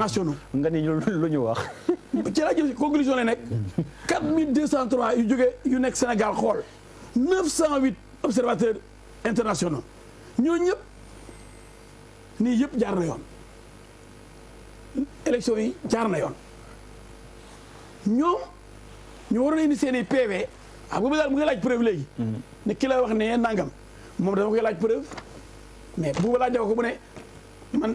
nationaux. nga ni lu ñu wax. ci rajo conclusion la nekk. 4203 yu jógee yu nekk Sénégal xool 908 observateurs internationaux ñooñu ñëpp nii yëpp jaar na yoon. élection yi jaar na yoon ñoom ñu waroon a indi seen i PV xam nga daal mu ngi laaj preuve léegi. Mm-hmm. ne ki la wax ne nangam moom dama koy laaj preuve mais bu laaj ko bu ne man.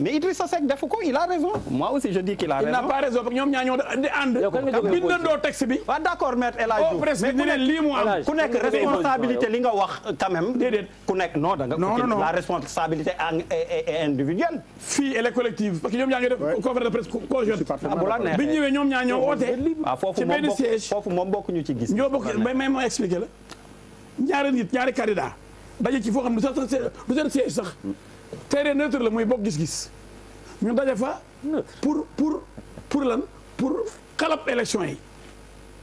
mais Idrissa Seck defu ko il a raison. moi aussi je dis qu'il a raison. bi. waaw d'accord maître El Hadj oh, Diouf mais ku nekk lii li nga wax quand même. déedéet ku da nga. fii elle collective parce que ñoom ñaa ngi def conférence de presse oote. Ah, ci benn siège foofu bokk mais ma expliqué la ñaari nit ñaari candidat daje ci foo xam ne du seen sax. terrain neutre la muy bokk gis-gis ñu daje fa. pour pour pour lan pour xalab élection yi.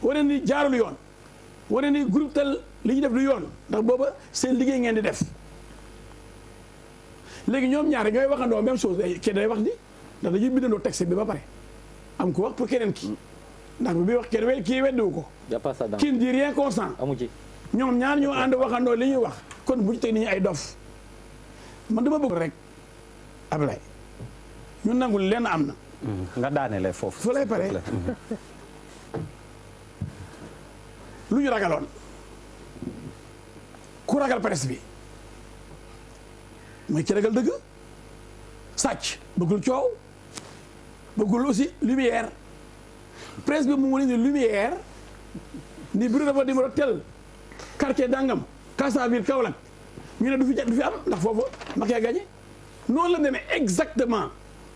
wane ni jaarul yoon wane ni groupe tel li ñu def lu yoon ndax booba seen liggéey ngeen di def léegi ñoom ñaar ñooy waxandoo même chose eh, kii day wax ni ndax dañuy bindandoo texte bi ba pare am ko wax pour keneen ki ndax bi wax kenn we kii weddiwu ko. kii di rien constant. amu ci ñoom ñaar ñoo ànd waxandoo li ñuy wax kon bu ñu teg ni ñu ay dof. man dama bëgg rek Ablaye ñu nangu lenn am na. Hmm, nga daane lay foofu. fu lay pare hmm. lu ñu ragaloon ku ragal presse bi mooy ci ragal dëgg sàcc bëggul coow bëggul aussi lumière presse bi mu ngi ni lumière ni bureau de vote numéro tel quartier dangam Kassaville Kaolack. ñu ne du fi ja du fi am ndax foofu Macky a gagné noonu la demee exactement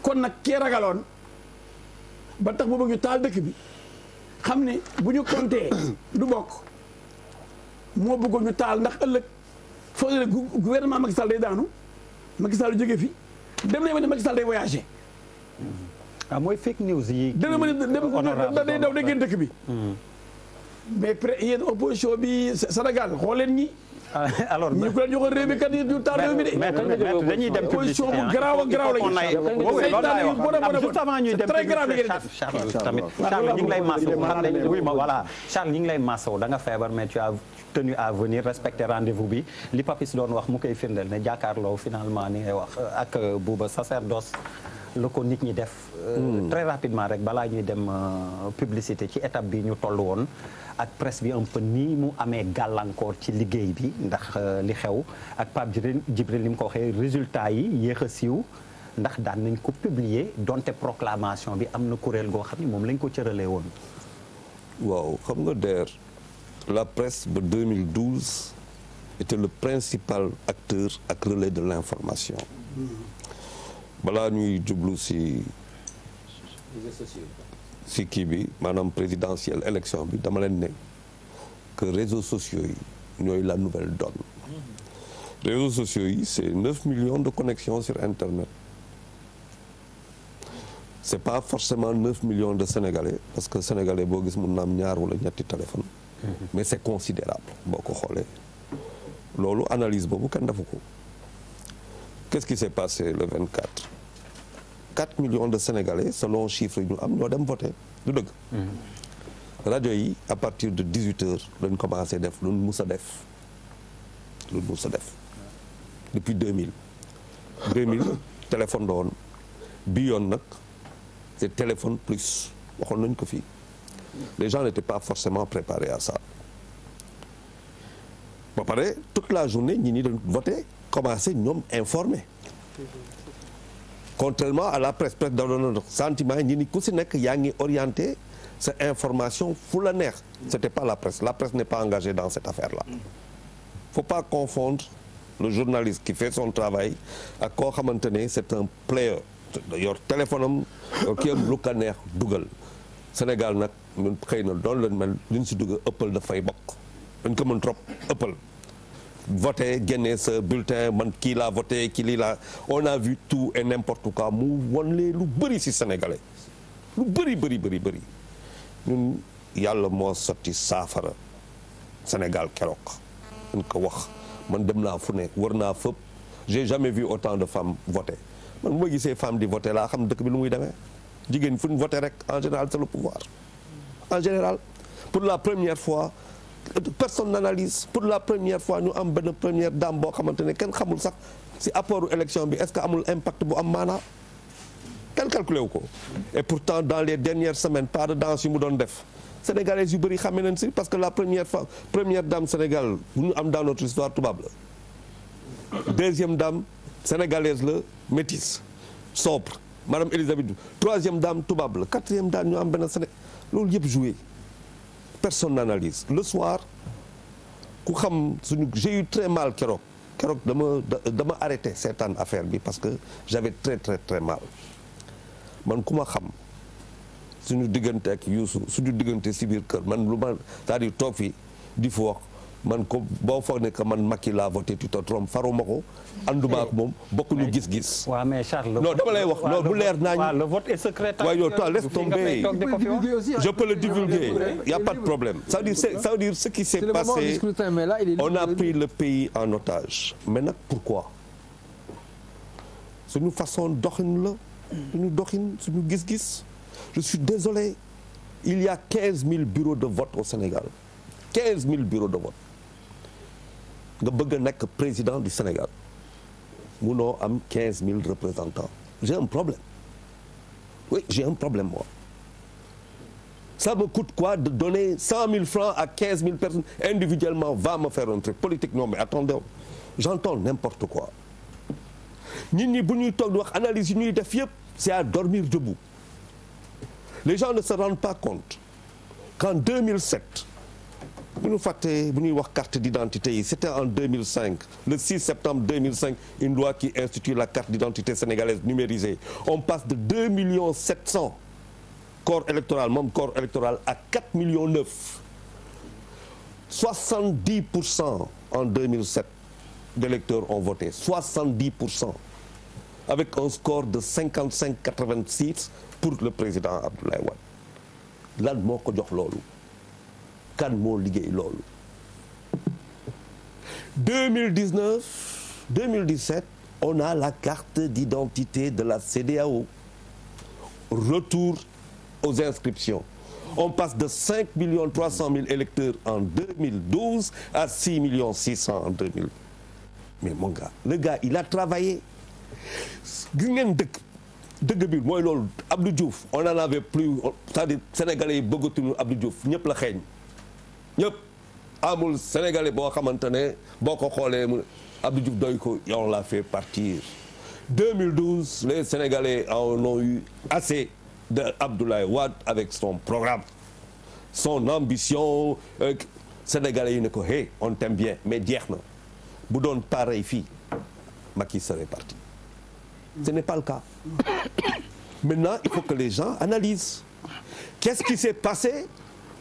kon nag kee ragaloon ba tax mu bëgg ñu taal dëkk bi xam ne bu ñu compter du bokk moo bëggoon ñu taal ndax ëllëg foo leen gouvernement Macky Sall day daanu Macky Sall jógee fi dem nañ ma ne Macky Sall day voyagé. ah mooy fake news yi. dana ma ne day daw day génn dëkk bi. mais pré yéen opposition bi Sénégal xool leen ñi. alors ñu ko joxoon yi du taal réew mi de. dañuy dem publicité bu garaaw a garaaw la juste avant ñuy dem Charles tamit ñu ngi lay maasaw xam ma voilà da nga feebar me tu as tenu à venir respecter rendez bi li Papis doon wax mu koy firndeel ne jàkkaarloo finalement ni ngay wax euh, ak euh, Bouba sacerdoce la ko nit ñi def. Euh, hmm. très rapidement rek balaa ñuy dem euh, publicité ci étape bi ñu toll woon ak presse bi un peu nii mu amee gàllankoor ci liggéey bi ndax euh, li xew ak Pape Djibril ni mu ko waxee résultat yi yéex a siiw. ndax daan nañ ko publier donte proclamation bi am na kuréel goo xam ne moom lañ ko cëralee woon. waaw xam nga DER la presse ba 2012 était le principal acteur ak relais de l'information. Hmm. balaa ñuy jublu si si kii bi maanaam présidentielle élection bi dama leen ne que réseaux sociaux yi ñooy la nouvelle donne réseaux sociaux yi c'est neuf millions de connexions sur internet c'est pas forcément neuf millions de sénégalais parce que sénégalais boo gis mun na am ñaar wala ñetti téléphone mm-hmm. mais c'est considérable boo ko xoolee loolu analyse boobu kenn defu ko qu'est-ce qui s'est vingt le 24 4 millions de sénégalais selon chiffre yi ñu am ñoo dem voté du dëgg. Mm-hmm. rajo yi à partir de 18 heures lañ commencé def lu mus a def lu mus a def depuis 2000. 2000 téléphone la woon bi yoon nag et téléphone plus waxoon nañ ko fii les gens n'étaient pas forcément préparés à ça ba pare toute la journée ñi ni dañ voté. commencé ñoom informer contrairement à la presse presse da doon sentiment ñi ni ku si nekk yaa ngi orienté sa information fu la neex c'était pas la presse la presse n'est pas engagée dans cette affaire là faut pas confondre le journaliste qui fait son travail ak koo xamante ne c'est un player yor téléphone am ki am lu ko neex dugal Sénégal nag ñun xëy na doon lañ mel luñ si dugal ëppal dafay bokk dañ ko mën trop ëppal voté génne sa bulletin man kii laa voté kii lii on a vu tout et n'importe quoi mu won lee lu bëri si sénégalais lu bëri bari bëri bëri yàlla moo sotti saafara Sénégal keroog dañ ko wax man dem naa fu ne war naa fépp j'ai jamais vu autant de femmes voter man bu gisee femme di voter laa xam dëkk bi lu muy demee jigéen fu ñu voter rek en général c'est le pouvoir en général pour la première fois personne n'analyse pour la première fois ñu am benn première dame boo xamante ne kenn xamul sax si apportu élection bi est-ce que amul impact bu am maanaa kenn calculé wu ko et pourtant dans les dernières semaines pas dans danse yu mu doon def sénégalais yu bëri xamee nañ si parce que la première fois première dame Sénégal bu am dans notre histoire tubaab la deuxième dame sénégalaise la métisse sobre madame Elisabeth troisième dame tubaab la quatrième dame ñu am benn Sénégal loolu yëpp joué personne n'analyse le soir ku xam suñu j'ai eu très mal keroog keroog dama dama arrêté certaines affaires bi parce que j'avais très très très mal man ku ma xam suñu diggante ak Youssou suñu diggante si biir kër man lu ma cest à toog fi di foox man ko boo foog ne que man Macky laa voté tu te trompes faruma ko. anduma ak moom bokkuñu gis-gis. waaw mais Charles non dama wax le vote est secret. waaw yow toi tomber je peux le divulguer y a pas de problème. ça veut dire ça veut dire ce qui s'est passé on a pris le pays en otage. mais nag pourquoi suñu façon doxin la suñu doxin suñu gis-gis je suis désolé il y a quinze mille bureaux de vote au Sénégal quinze mille bureaux de vote. nga bëgg a nekk président du Sénégal munoo am quinze mille représentants j'ai un problème oui j'ai un problème moi me coûte quoi de donner cent mille francs à quinze mille personnes individuellement va me faire un truc politique non mais attendez j'entends n'importe quoi ni ñi bu ñuy toog wax analyse yi ñuy def yëpp c'est à dormir debout les gens ne se rendent pas compte qu'en bu ñu fàttee bu ñuy wax carte d'identité yi c'était en 2005 le 6 septembre 2005 une loi qui institue la carte d'identité sénégalaise numérisée on passe de 2 millions 700 corps électoral moom corps électoral à 4 millions 9 70 pour cent en 2007 d'électeurs ont voté 70 pour cent avec un score de 55 86 pour le président Abdoulaye Wade lan ko jox loolu kan moo liggéey loolu 2019 2017 on a la carte d'identité de la CEDEAO retour aux inscriptions on passe de 5 millions 300 000 électeurs en 2012 à 6 millions 600 en 2000 mais mon gars le gars il a travaillé gis ngeen dëkk dëgg bi mooy loolu Abdou Diouf on en avait plus c'est-à-dire sénégalais yi bëggatuñu Abdou Diouf ñëpp la xeeñ ñëpp amul sénégalais boo xamante ne boo ko xoolee Abdou Diouf doy ko yow la fait partir 2012 les sénégalais en ont eu assez de Abdoulaye Wade avec son programme son ambition euh, sénégalais yi ne ko hey on t'aime bien mais jeex na bu doon pareil fii Macky serait parti ce n'est pas le cas maintenant il faut que les gens analysent qu'est-ce qui s'est passé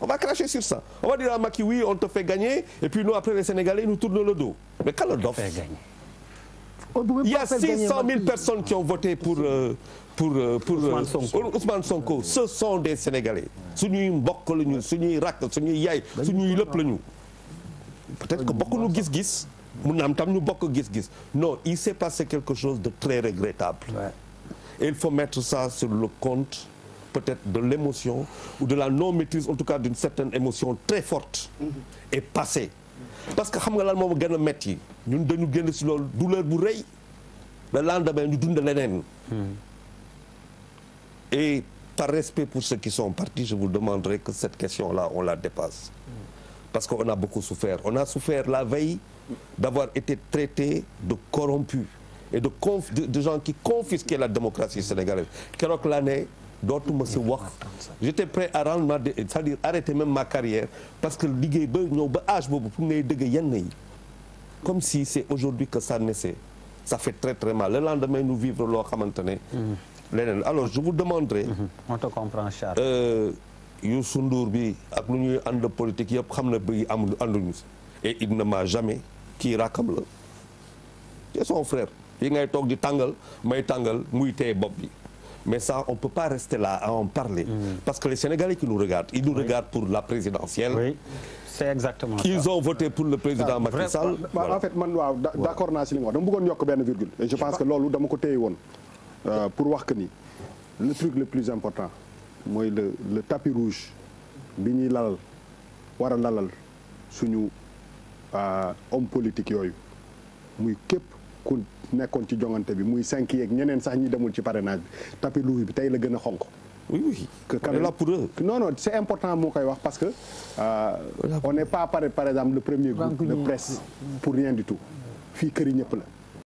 On va cracher sur ça. On va dire à Macky oui, on te fait gagner et puis nous après les Sénégalais ils nous tournent le dos. Mais quand le dof Il y a 600 000 personnes qui ont voté pour euh, pour euh, pour euh, Ousmane Sonko. Ousmane Sonko ce sont des Sénégalais. suñuy mbokk la ñu suñuy rakk suñuy yaay suñuy lépp la ñu. peut-être que bokk nu gis-gis. mun na am tam ñu bokk gis-gis non il s'est passé quelque chose de très regrettable. et il faut mettre ça sur le compte. peut-être de l'émotion ou de la non-maîtrise en tout cas d'une certaine émotion très forte et passée parce que xam nga lan moom gën a metti ñun dañu génn si loolu douleur bu rëy le lendemain ñu dund leneen hmm. et par respect pour ceux qui sont partis je vous demanderai que cette question-là on la dépasse parce qu'on a beaucoup souffert on a souffert la veille d'avoir été traité de corrompu et de, de, de gens qui confisquaient la démocratie sénégalaise keroog dootuma si wax j'étais prêt à rendre ma c'est-à-dire arrêter même ma carrière parce que liggéey ba ñëw ba âge boobu pour ngay dëgg yenn yi comme si c'est aujourd'hui que ça naissait ça fait très très mal la lendemain nous vivre loo xamante ne leneen alors je vous demanderai mm-hmm. on te comprend Charles euh, Youssou bi ak lu ñuy ànd politique yëpp xam na bi am ànduñu si et il ne m'a jamais kii rakkam la c'est son frère yi ngay toog di tàngal may tàngal muy tey bopp bi mais ça on peut pas rester là à en parler. Mm. parce que les Sénégalais qui nous regardent ils nous oui. pour la présidentielle. Oui. c'est exactement ils ont voté pour le président ah, Macky Sall. man waaw d'accord naa si li nga wax dama bëggoon yokk benn virgule. et je pense que loolu dama ko euh, pour wax ni le truc le plus important mooy le le tapis rouge bi ñuy lalal war a lalal suñu euh, homme politique yooyu muy képp. ku nekkoon ci jongante bi muy cinq yeeg ñeneen sax ñi demul ci parrainage bi tapis rouge bi tey la gën a xonq oui pour eux. non non c'est important moo koy wax parce que euh, on n'est pas par par exemple le premier groupe de presse pour rien du tout fii kër yi ñëpp la